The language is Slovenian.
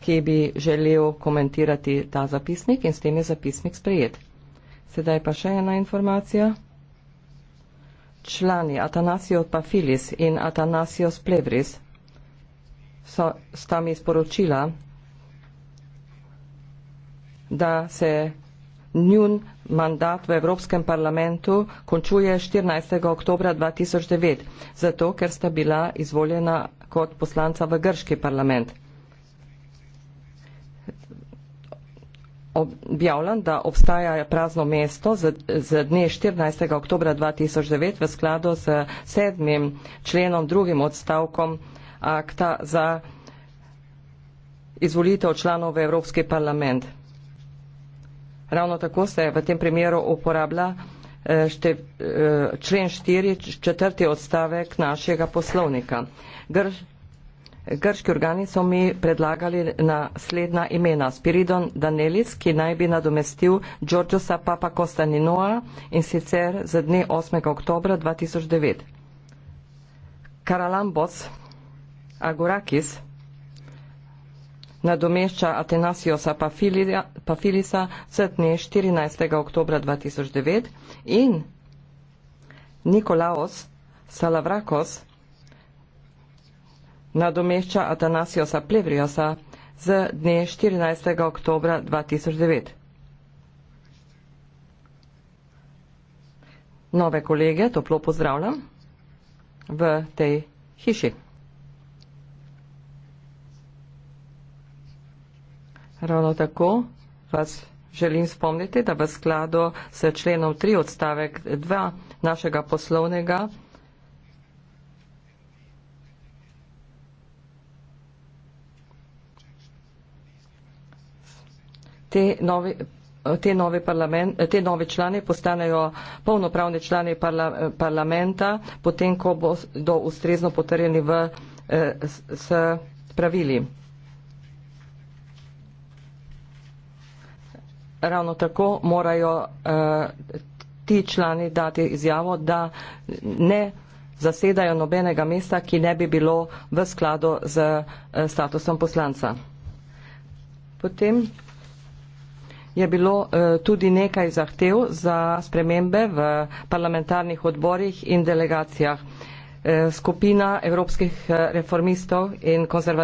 ki bi želel komentirati ta zapisnik in s tem je zapisnik sprejet. Sedaj pa še ena informacija. Člani Atanasio Pafilis in Atanasio Plevris so, sta mi sporočila, da se njun mandat v Evropskem parlamentu končuje 14. oktober 2009, zato ker sta bila izvoljena kot poslanca v grški parlament objavljam, da obstaja prazno mesto z, z dne 14. oktober 2009 v skladu s sedmim členom drugim odstavkom akta za izvolitev članov v Evropski parlament. Ravno tako se v tem primeru uporablja eh, šte, eh, člen 4, četrti odstavek našega poslovnika. Gr, Grški organi so mi predlagali naslednja imena. Spiridon Danelis, ki naj bi nadomestil Džordžosa Papa Kostaninoa in sicer z dne 8. oktober 2009. Karalambos Agurakis nadomešča Atenasiosa Pafilisa z dne 14. oktober 2009 in Nikolaos Salavrakos nadomešča Atanasiosa Plevriosa z dne 14. oktobra 2009. Nove kolege toplo pozdravljam v tej hiši. Ravno tako vas želim spomniti, da v skladu s členom 3 odstavek 2 našega poslovnega te nove, te nove, parlament, te nove člane postanejo polnopravne člane parla, parlamenta, potem ko bo do ustrezno potrjeni v, eh, s, s pravili. Ravno tako morajo eh, ti člani dati izjavo, da ne zasedajo nobenega mesta, ki ne bi bilo v skladu z eh, statusom poslanca. Potem je bilo eh, tudi nekaj zahtev za spremembe v parlamentarnih odborih in delegacijah. Eh, skupina evropskih eh, reformistov in konzervativcev